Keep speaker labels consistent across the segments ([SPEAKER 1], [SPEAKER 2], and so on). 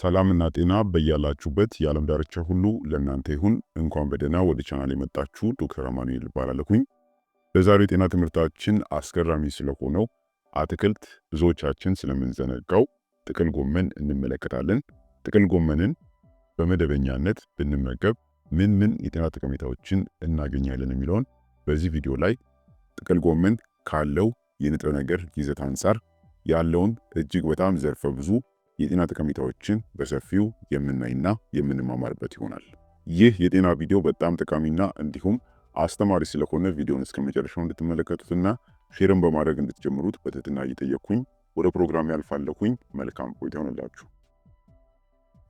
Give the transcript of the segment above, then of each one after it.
[SPEAKER 1] ሰላምና ጤና በያላችሁበት የዓለም ዳርቻ ሁሉ ለእናንተ ይሁን። እንኳን በደህና ወደ ቻናል የመጣችሁ ዶክተር አማኑኤል እባላለሁኝ። በዛሬው የጤና ትምህርታችን አስገራሚ ስለሆነው አትክልት ብዙዎቻችን ስለምንዘነጋው ጥቅል ጎመን እንመለከታለን። ጥቅል ጎመንን በመደበኛነት ብንመገብ ምን ምን የጤና ጠቀሜታዎችን እናገኛለን የሚለውን በዚህ ቪዲዮ ላይ ጥቅል ጎመን ካለው የንጥረ ነገር ይዘት አንጻር ያለውን እጅግ በጣም ዘርፈ ብዙ የጤና ጠቀሜታዎችን በሰፊው የምናይና የምንማማርበት ይሆናል። ይህ የጤና ቪዲዮ በጣም ጠቃሚና እንዲሁም አስተማሪ ስለሆነ ቪዲዮን እስከ መጨረሻው እንድትመለከቱትና ሼርን በማድረግ እንድትጀምሩት በትህትና እየጠየቅኩኝ ወደ ፕሮግራም ያልፋለሁኝ። መልካም ቆይታ ይሆንላችሁ።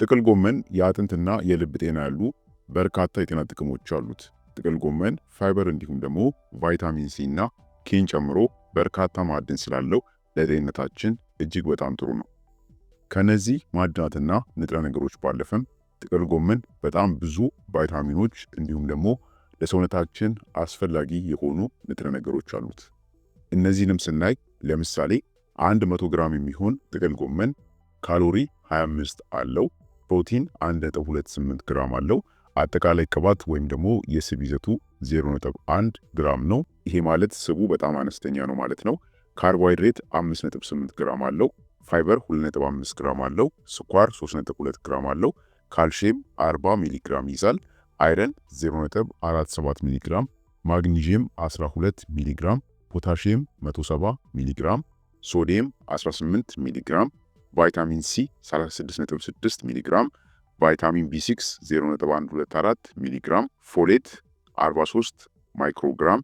[SPEAKER 1] ጥቅል ጎመን የአጥንትና የልብ ጤና ያሉ በርካታ የጤና ጥቅሞች አሉት። ጥቅል ጎመን ፋይበር እንዲሁም ደግሞ ቫይታሚን ሲ እና ኬን ጨምሮ በርካታ ማዕድን ስላለው ለጤንነታችን እጅግ በጣም ጥሩ ነው። ከነዚህ ማዕድናትና ንጥረ ነገሮች ባለፈም ጥቅል ጎመን በጣም ብዙ ቫይታሚኖች እንዲሁም ደግሞ ለሰውነታችን አስፈላጊ የሆኑ ንጥረ ነገሮች አሉት። እነዚህንም ስናይ ለምሳሌ 100 ግራም የሚሆን ጥቅል ጎመን ካሎሪ 25 አለው፣ ፕሮቲን 1.28 ግራም አለው፣ አጠቃላይ ቅባት ወይም ደግሞ የስብ ይዘቱ 0.1 ግራም ነው። ይሄ ማለት ስቡ በጣም አነስተኛ ነው ማለት ነው። ካርቦሃይድሬት 5.8 ግራም አለው ፋይበር 2.5 ግራም አለው። ስኳር 3.2 ግራም አለው። ካልሽየም 40 ሚሊ ግራም ይይዛል። አይረን 0.47 ሚሊ ግራም፣ ማግኒዥየም 12 ሚሊ ግራም፣ ፖታሽየም 170 ሚሊ ግራም፣ ሶዲየም 18 ሚሊ ግራም፣ ቫይታሚን ሲ 36.6 ሚሊ ግራም፣ ቫይታሚን ቢ6 0.124 ሚሊ ግራም፣ ፎሌት 43 ማይክሮግራም፣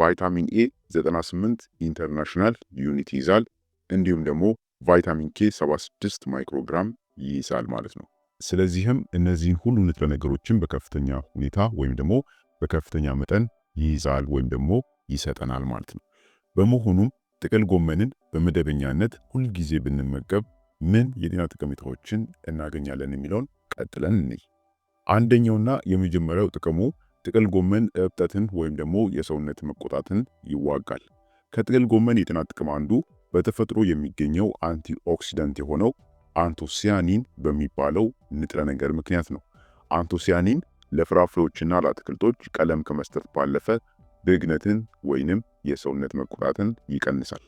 [SPEAKER 1] ቫይታሚን ኤ 98 ኢንተርናሽናል ዩኒት ይይዛል። እንዲሁም ደግሞ ቫይታሚን ኬ 76 ማይክሮግራም ይይዛል ማለት ነው። ስለዚህም እነዚህን ሁሉ ንጥረ ነገሮችን በከፍተኛ ሁኔታ ወይም ደግሞ በከፍተኛ መጠን ይይዛል ወይም ደግሞ ይሰጠናል ማለት ነው። በመሆኑም ጥቅል ጎመንን በመደበኛነት ሁልጊዜ ብንመገብ ምን የጤና ጠቀሜታዎችን እናገኛለን የሚለውን ቀጥለን እንይ። አንደኛውና የመጀመሪያው ጥቅሙ ጥቅል ጎመን እብጠትን ወይም ደግሞ የሰውነት መቆጣትን ይዋጋል። ከጥቅል ጎመን የጤና ጥቅም አንዱ በተፈጥሮ የሚገኘው አንቲ ኦክሲዳንት የሆነው አንቶሲያኒን በሚባለው ንጥረ ነገር ምክንያት ነው። አንቶሲያኒን ለፍራፍሬዎችና ለአትክልቶች ቀለም ከመስጠት ባለፈ ብግነትን ወይንም የሰውነት መቆጣትን ይቀንሳል።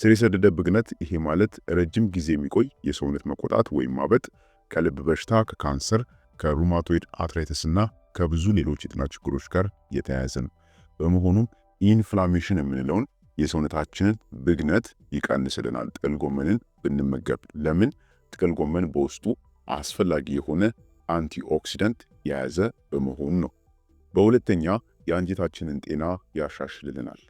[SPEAKER 1] ስር የሰደደ ብግነት፣ ይሄ ማለት ረጅም ጊዜ የሚቆይ የሰውነት መቆጣት ወይም ማበጥ ከልብ በሽታ፣ ከካንሰር፣ ከሩማቶይድ አትራይተስ እና ከብዙ ሌሎች የጤና ችግሮች ጋር የተያያዘ ነው። በመሆኑም ኢንፍላሜሽን የምንለውን የሰውነታችንን ብግነት ይቀንስልናል። ጥቅል ጎመንን ብንመገብ ለምን? ጥቅል ጎመን በውስጡ አስፈላጊ የሆነ አንቲኦክሲደንት የያዘ በመሆኑ ነው። በሁለተኛ የአንጀታችንን ጤና ያሻሽልልናል።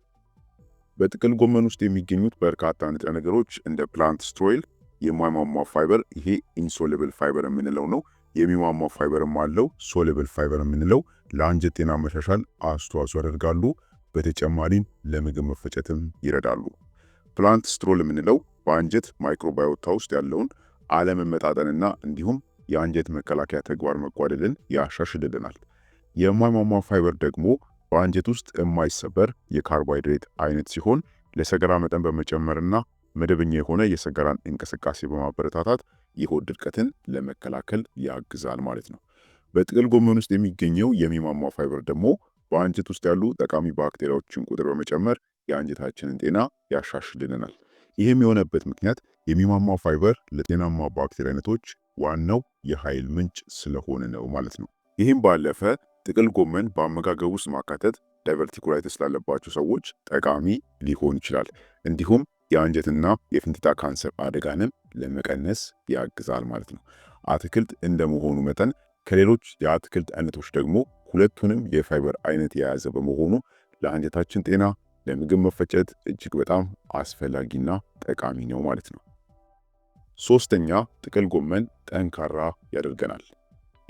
[SPEAKER 1] በጥቅል ጎመን ውስጥ የሚገኙት በርካታ ንጥረ ነገሮች እንደ ፕላንት ስትሮይል የማይሟሟ ፋይበር፣ ይሄ ኢንሶልብል ፋይበር የምንለው ነው። የሚሟሟ ፋይበርም አለው። ሶልብል ፋይበር የምንለው ለአንጀት ጤና መሻሻል አስተዋጽኦ ያደርጋሉ። በተጨማሪም ለምግብ መፈጨትም ይረዳሉ። ፕላንት ስትሮል የምንለው በአንጀት ማይክሮባዮታ ውስጥ ያለውን አለመመጣጠንና እንዲሁም የአንጀት መከላከያ ተግባር መጓደልን ያሻሽልልናል። የማይሟሟ ፋይበር ደግሞ በአንጀት ውስጥ የማይሰበር የካርቦሃይድሬት አይነት ሲሆን ለሰገራ መጠን በመጨመርና መደበኛ የሆነ የሰገራን እንቅስቃሴ በማበረታታት የሆድ ድርቀትን ለመከላከል ያግዛል ማለት ነው። በጥቅል ጎመን ውስጥ የሚገኘው የሚሟሟ ፋይበር ደግሞ በአንጀት ውስጥ ያሉ ጠቃሚ ባክቴሪያዎችን ቁጥር በመጨመር የአንጀታችንን ጤና ያሻሽልናል። ይህም የሆነበት ምክንያት የሚሟሟው ፋይበር ለጤናማ ባክቴሪያ አይነቶች ዋናው የኃይል ምንጭ ስለሆነ ነው ማለት ነው። ይህም ባለፈ ጥቅል ጎመን በአመጋገብ ውስጥ ማካተት ዳይቨርቲኩላይትስ ላለባቸው ሰዎች ጠቃሚ ሊሆን ይችላል። እንዲሁም የአንጀትና የፍንጢጣ ካንሰር አደጋንም ለመቀነስ ያግዛል ማለት ነው። አትክልት እንደመሆኑ መጠን ከሌሎች የአትክልት አይነቶች ደግሞ ሁለቱንም የፋይበር አይነት የያዘ በመሆኑ ለአንጀታችን ጤና፣ ለምግብ መፈጨት እጅግ በጣም አስፈላጊና ጠቃሚ ነው ማለት ነው። ሶስተኛ ጥቅል ጎመን ጠንካራ ያደርገናል።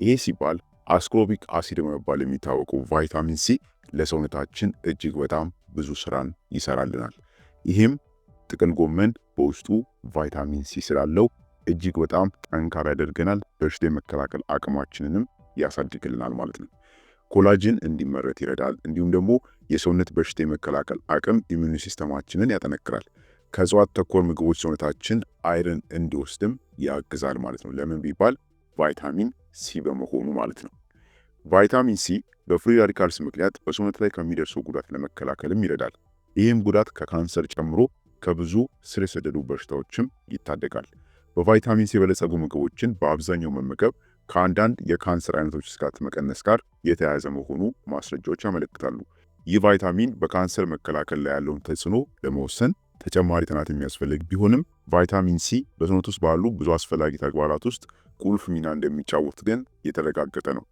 [SPEAKER 1] ይሄ ሲባል አስኮርቢክ አሲድ በመባል የሚታወቀው ቫይታሚን ሲ ለሰውነታችን እጅግ በጣም ብዙ ስራን ይሰራልናል። ይህም ጥቅል ጎመን በውስጡ ቫይታሚን ሲ ስላለው እጅግ በጣም ጠንካራ ያደርገናል። በሽታ የመከላከል አቅማችንንም ያሳድግልናል ማለት ነው። ኮላጅን እንዲመረት ይረዳል። እንዲሁም ደግሞ የሰውነት በሽታ የመከላከል አቅም ኢሚዩን ሲስተማችንን ያጠነክራል። ከእጽዋት ተኮር ምግቦች ሰውነታችን አይረን እንዲወስድም ያግዛል ማለት ነው። ለምን ቢባል ቫይታሚን ሲ በመሆኑ ማለት ነው። ቫይታሚን ሲ በፍሪ ራዲካልስ ምክንያት በሰውነት ላይ ከሚደርሰው ጉዳት ለመከላከልም ይረዳል። ይህም ጉዳት ከካንሰር ጨምሮ ከብዙ ስር የሰደዱ በሽታዎችም ይታደጋል። በቫይታሚን ሲ የበለጸጉ ምግቦችን በአብዛኛው መመገብ ከአንዳንድ የካንሰር አይነቶች ስጋት መቀነስ ጋር የተያያዘ መሆኑ ማስረጃዎች ያመለክታሉ። ይህ ቫይታሚን በካንሰር መከላከል ላይ ያለውን ተጽዕኖ ለመወሰን ተጨማሪ ጥናት የሚያስፈልግ ቢሆንም ቫይታሚን ሲ በሰውነት ውስጥ ባሉ ብዙ አስፈላጊ ተግባራት ውስጥ ቁልፍ ሚና እንደሚጫወት ግን የተረጋገጠ ነው።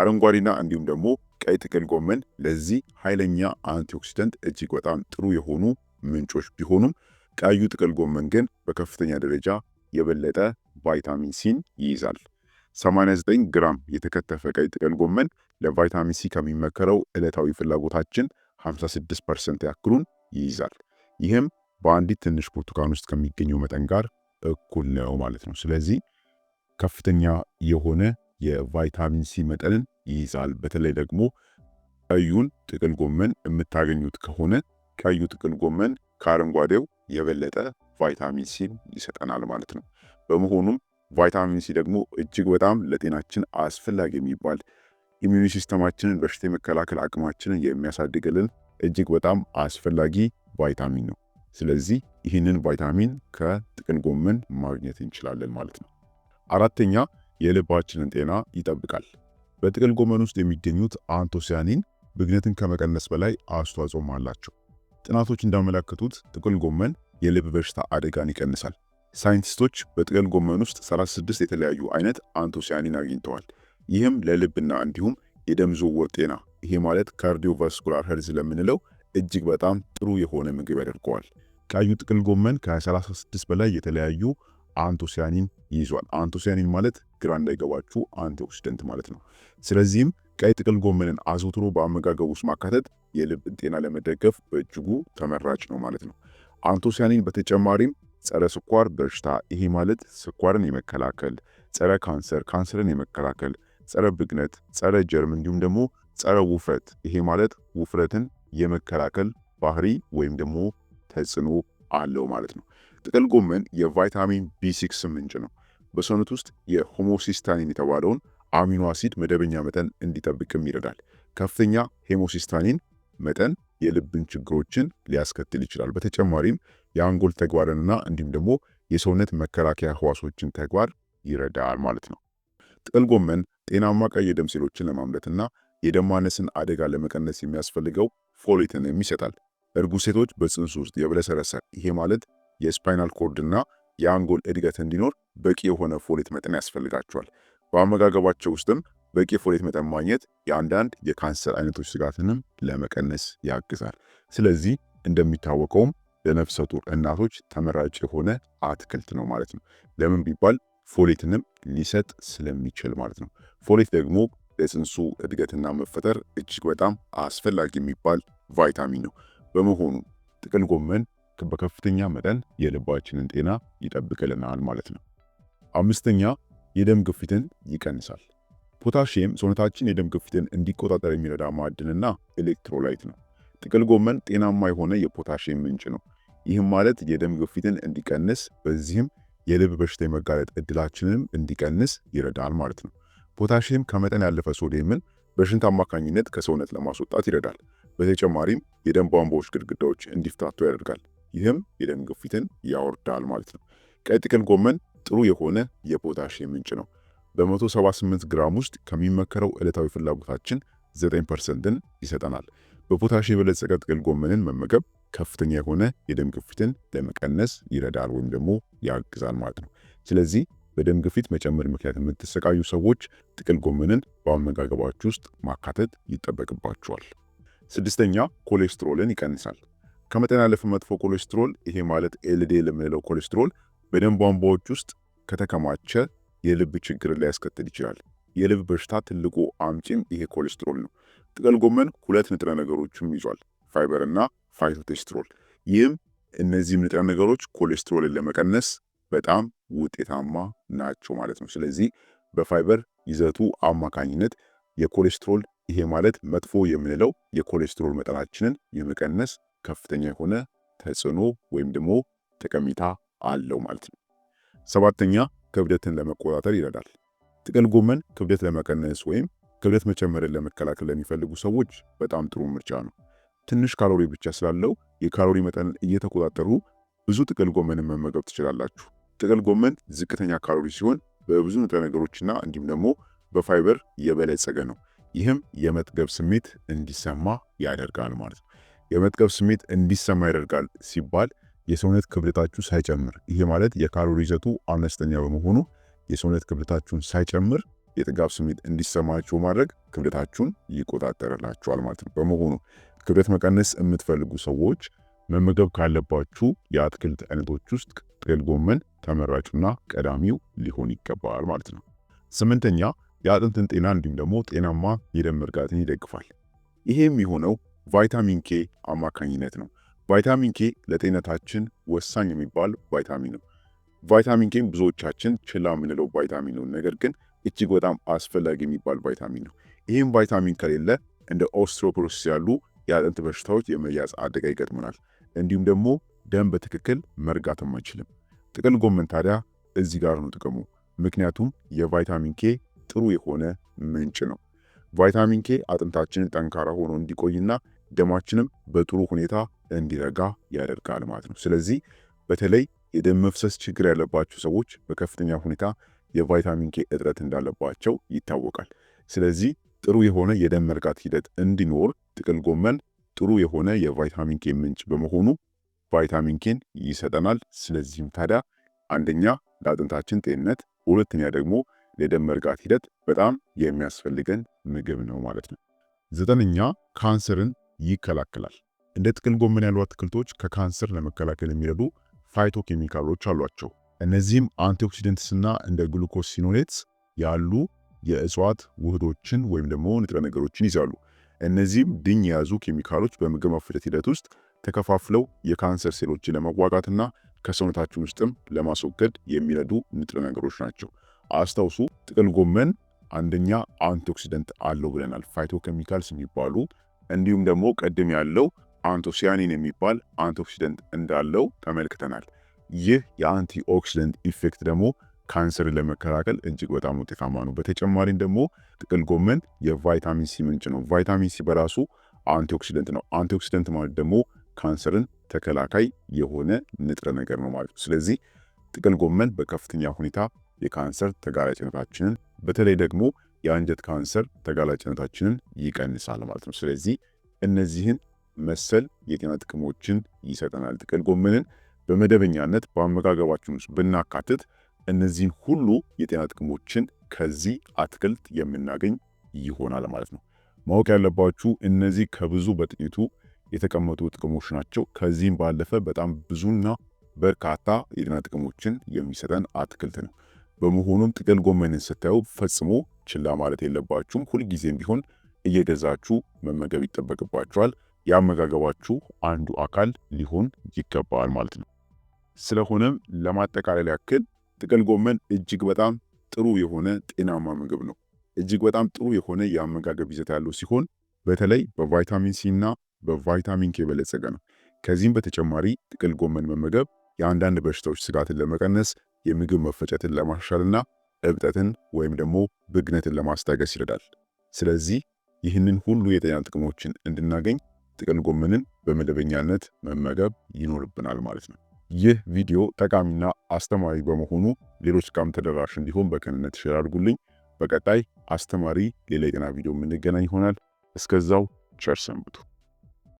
[SPEAKER 1] አረንጓዴና እንዲሁም ደግሞ ቀይ ጥቅል ጎመን ለዚህ ኃይለኛ አንቲኦክሲደንት እጅግ በጣም ጥሩ የሆኑ ምንጮች ቢሆኑም ቀዩ ጥቅል ጎመን ግን በከፍተኛ ደረጃ የበለጠ ቫይታሚን ሲን ይይዛል። 89 ግራም የተከተፈ ቀይ ጥቅል ጎመን ለቫይታሚን ሲ ከሚመከረው ዕለታዊ ፍላጎታችን 56 ፐርሰንት ያክሉን ይይዛል። ይህም በአንዲት ትንሽ ብርቱካን ውስጥ ከሚገኘው መጠን ጋር እኩል ነው ማለት ነው። ስለዚህ ከፍተኛ የሆነ የቫይታሚን ሲ መጠንን ይይዛል። በተለይ ደግሞ ቀዩን ጥቅል ጎመን የምታገኙት ከሆነ ቀዩ ጥቅል ጎመን ከአረንጓዴው የበለጠ ቫይታሚን ሲን ይሰጠናል ማለት ነው። በመሆኑም ቫይታሚን ሲ ደግሞ እጅግ በጣም ለጤናችን አስፈላጊ የሚባል ኢሚዩን ሲስተማችንን በሽታ የመከላከል አቅማችንን የሚያሳድግልን እጅግ በጣም አስፈላጊ ቫይታሚን ነው። ስለዚህ ይህንን ቫይታሚን ከጥቅል ጎመን ማግኘት እንችላለን ማለት ነው። አራተኛ የልባችንን ጤና ይጠብቃል። በጥቅል ጎመን ውስጥ የሚገኙት አንቶሲያኒን ብግነትን ከመቀነስ በላይ አስተዋጽኦም አላቸው። ጥናቶች እንዳመለከቱት ጥቅል ጎመን የልብ በሽታ አደጋን ይቀንሳል። ሳይንቲስቶች በጥቅል ጎመን ውስጥ 36 የተለያዩ አይነት አንቶሲያኒን አግኝተዋል። ይህም ለልብና እንዲሁም የደም ዝውውር ጤና ይሄ ማለት ካርዲዮቫስኩላር ሄልዝ ለምንለው እጅግ በጣም ጥሩ የሆነ ምግብ ያደርገዋል። ቀዩ ጥቅል ጎመን ከ36 በላይ የተለያዩ አንቶሲያኒን ይዟል። አንቶሲያኒን ማለት ግራ እንዳይገባችሁ አንቲኦክሲደንት ማለት ነው። ስለዚህም ቀይ ጥቅል ጎመንን አዘውትሮ በአመጋገብ ውስጥ ማካተት የልብን ጤና ለመደገፍ በእጅጉ ተመራጭ ነው ማለት ነው። አንቶሲያኒን በተጨማሪም ጸረ ስኳር በሽታ፣ ይሄ ማለት ስኳርን የመከላከል፣ ጸረ ካንሰር፣ ካንሰርን የመከላከል፣ ጸረ ብግነት፣ ጸረ ጀርም እንዲሁም ደግሞ ጸረ ውፍረት፣ ይሄ ማለት ውፍረትን የመከላከል ባህሪ ወይም ደግሞ ተጽዕኖ አለው ማለት ነው። ጥቅል ጎመን የቫይታሚን ቢ6 ምንጭ ነው። በሰውነት ውስጥ የሆሞሲስታኒን የተባለውን አሚኖ አሲድ መደበኛ መጠን እንዲጠብቅም ይረዳል። ከፍተኛ ሄሞሲስታኒን መጠን የልብን ችግሮችን ሊያስከትል ይችላል። በተጨማሪም የአንጎል ተግባርንና እንዲሁም ደግሞ የሰውነት መከላከያ ህዋሶችን ተግባር ይረዳል ማለት ነው። ጥቅል ጎመን ጤናማ ቀይ የደም ሴሎችን ለማምረትና የደም ማነስን አደጋ ለመቀነስ የሚያስፈልገው ፎሌትን ይሰጣል። እርጉዝ ሴቶች በጽንሱ ውስጥ የብለሰረሰ ይሄ ማለት የስፓይናል ኮርድና የአንጎል እድገት እንዲኖር በቂ የሆነ ፎሌት መጠን ያስፈልጋቸዋል። በአመጋገባቸው ውስጥም በቂ ፎሌት መጠን ማግኘት የአንዳንድ የካንሰር አይነቶች ስጋትንም ለመቀነስ ያግዛል። ስለዚህ እንደሚታወቀውም ለነፍሰ ጡር እናቶች ተመራጭ የሆነ አትክልት ነው ማለት ነው። ለምን ቢባል ፎሌትንም ሊሰጥ ስለሚችል ማለት ነው። ፎሌት ደግሞ ለጽንሱ እድገትና መፈጠር እጅግ በጣም አስፈላጊ የሚባል ቫይታሚን ነው። በመሆኑ ጥቅል ጎመን በከፍተኛ መጠን የልባችንን ጤና ይጠብቅልናል ማለት ነው። አምስተኛ የደም ግፊትን ይቀንሳል። ፖታሺየም ሰውነታችን የደም ግፊትን እንዲቆጣጠር የሚረዳ ማዕድንና ኤሌክትሮላይት ነው። ጥቅል ጎመን ጤናማ የሆነ የፖታሺየም ምንጭ ነው። ይህም ማለት የደም ግፊትን እንዲቀንስ በዚህም የልብ በሽታ የመጋለጥ እድላችንንም እንዲቀንስ ይረዳል ማለት ነው። ፖታሺየም ከመጠን ያለፈ ሶዲየምን በሽንት አማካኝነት ከሰውነት ለማስወጣት ይረዳል። በተጨማሪም የደም ቧንቧዎች ግድግዳዎች እንዲፍታቱ ያደርጋል። ይህም የደም ግፊትን ያወርዳል ማለት ነው። ቀይ ጥቅል ጎመን ጥሩ የሆነ የፖታሽየም ምንጭ ነው። በ178 ግራም ውስጥ ከሚመከረው ዕለታዊ ፍላጎታችን 9%ን ይሰጠናል። በፖታሽ የበለጸገ ጥቅል ጎመንን መመገብ ከፍተኛ የሆነ የደም ግፊትን ለመቀነስ ይረዳል ወይም ደግሞ ያግዛል ማለት ነው። ስለዚህ በደም ግፊት መጨመር ምክንያት የምትሰቃዩ ሰዎች ጥቅል ጎመንን በአመጋገባችሁ ውስጥ ማካተት ይጠበቅባችኋል። ስድስተኛ ኮሌስትሮልን ይቀንሳል። ከመጠን ያለፈ መጥፎ ኮሌስትሮል ይሄ ማለት ኤልዴ ለምንለው ኮሌስትሮል በደም ቧንቧዎች ውስጥ ከተከማቸ የልብ ችግርን ሊያስከትል ይችላል። የልብ በሽታ ትልቁ አምጪም ይሄ ኮሌስትሮል ነው። ጥቅል ጎመን ሁለት ንጥረ ነገሮችም ይዟል፣ ፋይበር እና ፋይቶቴስትሮል። ይህም እነዚህም ንጥረ ነገሮች ኮሌስትሮልን ለመቀነስ በጣም ውጤታማ ናቸው ማለት ነው። ስለዚህ በፋይበር ይዘቱ አማካኝነት የኮሌስትሮል ይሄ ማለት መጥፎ የምንለው የኮሌስትሮል መጠናችንን የመቀነስ ከፍተኛ የሆነ ተጽዕኖ ወይም ደግሞ ጠቀሜታ አለው ማለት ነው። ሰባተኛ ክብደትን ለመቆጣጠር ይረዳል። ጥቅል ጎመን ክብደት ለመቀነስ ወይም ክብደት መጨመርን ለመከላከል ለሚፈልጉ ሰዎች በጣም ጥሩ ምርጫ ነው። ትንሽ ካሎሪ ብቻ ስላለው የካሎሪ መጠን እየተቆጣጠሩ ብዙ ጥቅል ጎመንን መመገብ ትችላላችሁ። ጥቅል ጎመን ዝቅተኛ ካሎሪ ሲሆን በብዙ ንጥረ ነገሮችና እንዲሁም ደግሞ በፋይበር የበለጸገ ነው። ይህም የመጥገብ ስሜት እንዲሰማ ያደርጋል ማለት ነው። የመጥገብ ስሜት እንዲሰማ ያደርጋል ሲባል የሰውነት ክብደታችሁ ሳይጨምር፣ ይሄ ማለት የካሎሪ ይዘቱ አነስተኛ በመሆኑ የሰውነት ክብደታችሁን ሳይጨምር የጥጋብ ስሜት እንዲሰማችሁ ማድረግ ክብደታችሁን ይቆጣጠርላችኋል ማለት ነው። በመሆኑ ክብደት መቀነስ የምትፈልጉ ሰዎች መመገብ ካለባችሁ የአትክልት አይነቶች ውስጥ ጥቅል ጎመን ተመራጩና ቀዳሚው ሊሆን ይገባል ማለት ነው። ስምንተኛ የአጥንትን ጤና እንዲሁም ደግሞ ጤናማ የደም እርጋትን ይደግፋል። ይሄም የሆነው ቫይታሚን ኬ አማካኝነት ነው። ቫይታሚን ኬ ለጤነታችን ወሳኝ የሚባል ቫይታሚን ነው። ቫይታሚን ኬ ብዙዎቻችን ችላ የምንለው ቫይታሚን ነው፣ ነገር ግን እጅግ በጣም አስፈላጊ የሚባል ቫይታሚን ነው። ይህም ቫይታሚን ከሌለ እንደ ኦስትሮፖሮሲስ ያሉ የአጥንት በሽታዎች የመያዝ አደጋ ይገጥመናል። እንዲሁም ደግሞ ደም በትክክል መርጋትም አይችልም። ጥቅል ጎመን ታዲያ እዚህ ጋር ነው ጥቅሙ፣ ምክንያቱም የቫይታሚን ኬ ጥሩ የሆነ ምንጭ ነው። ቫይታሚን ኬ አጥንታችንን ጠንካራ ሆኖ እንዲቆይና ደማችንም በጥሩ ሁኔታ እንዲረጋ ያደርጋል ማለት ነው። ስለዚህ በተለይ የደም መፍሰስ ችግር ያለባቸው ሰዎች በከፍተኛ ሁኔታ የቫይታሚን ኬ እጥረት እንዳለባቸው ይታወቃል። ስለዚህ ጥሩ የሆነ የደም መርጋት ሂደት እንዲኖር ጥቅል ጎመን ጥሩ የሆነ የቫይታሚን ኬ ምንጭ በመሆኑ ቫይታሚን ኬን ይሰጠናል። ስለዚህም ታዲያ አንደኛ ለአጥንታችን ጤንነት፣ ሁለተኛ ደግሞ ለደም መርጋት ሂደት በጣም የሚያስፈልገን ምግብ ነው ማለት ነው። ዘጠነኛ ካንሰርን ይከላከላል። እንደ ጥቅል ጎመን ያሉ አትክልቶች ከካንሰር ለመከላከል የሚረዱ ፋይቶ ኬሚካሎች አሏቸው። እነዚህም አንቲኦክሲደንትስና እንደ ግሉኮሲኖሌትስ ያሉ የእጽዋት ውህዶችን ወይም ደግሞ ንጥረ ነገሮችን ይዛሉ። እነዚህም ድኝ የያዙ ኬሚካሎች በምግብ ማፍጨት ሂደት ውስጥ ተከፋፍለው የካንሰር ሴሎችን ለመዋጋትና ከሰውነታችን ውስጥም ለማስወገድ የሚረዱ ንጥረ ነገሮች ናቸው። አስታውሱ ጥቅል ጎመን አንደኛ አንቲኦክሲደንት አለው ብለናል። ፋይቶኬሚካልስ የሚባሉ እንዲሁም ደግሞ ቅድም ያለው አንቶሲያኒን የሚባል አንቲኦክሲደንት እንዳለው ተመልክተናል። ይህ የአንቲኦክሲደንት ኢፌክት ደግሞ ካንሰርን ለመከላከል እጅግ በጣም ውጤታማ ነው። በተጨማሪም ደግሞ ጥቅል ጎመን የቫይታሚን ሲ ምንጭ ነው። ቫይታሚን ሲ በራሱ አንቲኦክሲደንት ነው። አንቲኦክሲደንት ማለት ደግሞ ካንሰርን ተከላካይ የሆነ ንጥረ ነገር ነው ማለት ነው። ስለዚህ ጥቅል ጎመን በከፍተኛ ሁኔታ የካንሰር ተጋላጭነታችንን በተለይ ደግሞ የአንጀት ካንሰር ተጋላጭነታችንን ይቀንሳል ማለት ነው። ስለዚህ እነዚህን መሰል የጤና ጥቅሞችን ይሰጠናል። ጥቅል ጎመንን በመደበኛነት በአመጋገባችን ውስጥ ብናካትት እነዚህን ሁሉ የጤና ጥቅሞችን ከዚህ አትክልት የምናገኝ ይሆናል ማለት ነው። ማወቅ ያለባችሁ እነዚህ ከብዙ በጥቂቱ የተቀመጡ ጥቅሞች ናቸው። ከዚህም ባለፈ በጣም ብዙና በርካታ የጤና ጥቅሞችን የሚሰጠን አትክልት ነው። በመሆኑም ጥቅል ጎመንን ስታዩ ፈጽሞ ችላ ማለት የለባችሁም። ሁልጊዜም ቢሆን እየገዛችሁ መመገብ ይጠበቅባችኋል። የአመጋገባችሁ አንዱ አካል ሊሆን ይገባል ማለት ነው። ስለሆነም ለማጠቃለል ያክል ጥቅል ጎመን እጅግ በጣም ጥሩ የሆነ ጤናማ ምግብ ነው። እጅግ በጣም ጥሩ የሆነ የአመጋገብ ይዘት ያለው ሲሆን በተለይ በቫይታሚን ሲ እና በቫይታሚን ኬ የበለጸገ ነው። ከዚህም በተጨማሪ ጥቅል ጎመን መመገብ የአንዳንድ በሽታዎች ስጋትን ለመቀነስ የምግብ መፈጨትን ለማሻልና እብጠትን ወይም ደግሞ ብግነትን ለማስታገስ ይረዳል። ስለዚህ ይህንን ሁሉ የጤና ጥቅሞችን እንድናገኝ ጥቅል ጎመንን በመደበኛነት መመገብ ይኖርብናል ማለት ነው። ይህ ቪዲዮ ጠቃሚና አስተማሪ በመሆኑ ሌሎች ጋም ተደራሽ እንዲሆን በቅንነት ሼር አድርጉልኝ። በቀጣይ አስተማሪ ሌላ የጤና ቪዲዮ የምንገናኝ ይሆናል። እስከዛው ቸር ሰንብቱ።